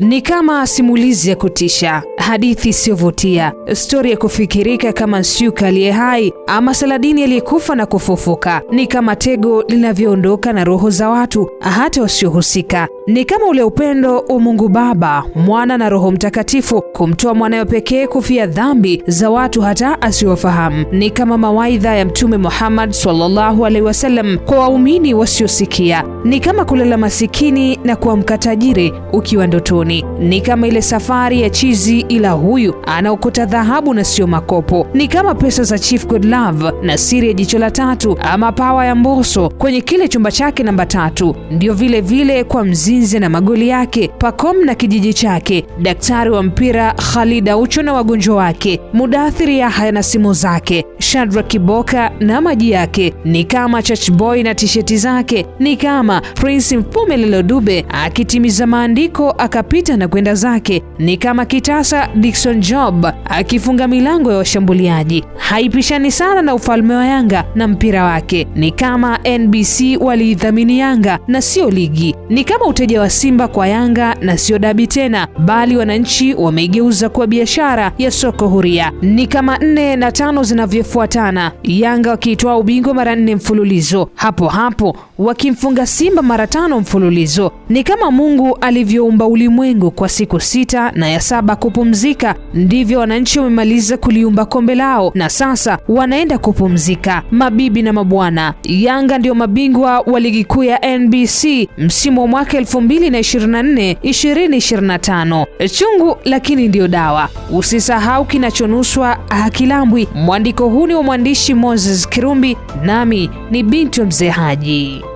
Ni kama simulizi ya kutisha, hadithi isiyovutia, stori ya kufikirika kama Nsyuka aliye hai ama Saladini aliyekufa na kufufuka. Ni kama tego linavyoondoka na roho za watu hata wasiohusika. Ni kama ule upendo wa Mungu Baba, Mwana na Roho Mtakatifu kumtoa mwanayo pekee kufia dhambi za watu hata asiwafahamu. Ni kama mawaidha ya Mtume Muhammad sallallahu alaihi wasallam kwa waumini wasiosikia. Ni kama kulala masikini na kuamka tajiri ukiwa ndotoni. Ni kama ile safari ya chizi, ila huyu anaokota dhahabu na sio makopo. Ni kama pesa za Chief Godlove na siri ya jicho la tatu, ama pawa ya Mbosso kwenye kile chumba chake namba tatu. Ndio vile vile kwa mzi Mzinze na magoli yake, Pacom na kijiji chake, daktari wa mpira Khalid Aucho na wagonjwa wake, Mudathiri Yahya na simu zake, Shadrack Kiboka na maji yake, ni kama boy na tisheti zake, ni kama Prince Mpumelelo Dube akitimiza maandiko akapita na kwenda zake, ni kama kitasa Dickson Job akifunga milango ya washambuliaji. Haipishani sana na ufalme wa Yanga na mpira wake, ni kama NBC waliidhamini Yanga na sio ligi, ni kama wateja wa Simba kwa Yanga na sio dabi tena, bali wananchi wameigeuza kuwa biashara ya soko huria. Ni kama nne na tano zinavyofuatana, Yanga wakiitwaa ubingwa mara nne mfululizo hapo hapo wakimfunga Simba mara tano mfululizo. Ni kama Mungu alivyoumba ulimwengu kwa siku sita na ya saba kupumzika, ndivyo wananchi wamemaliza kuliumba kombe lao na sasa wanaenda kupumzika. Mabibi na mabwana, Yanga ndio mabingwa wa ligi kuu ya NBC msimu wa mwaka 2024 2025. Chungu lakini ndiyo dawa. Usisahau kinachonuswa hakilambwi. Mwandiko huu ni wa mwandishi Moses Kirumbi, nami ni wa Mzee Haji.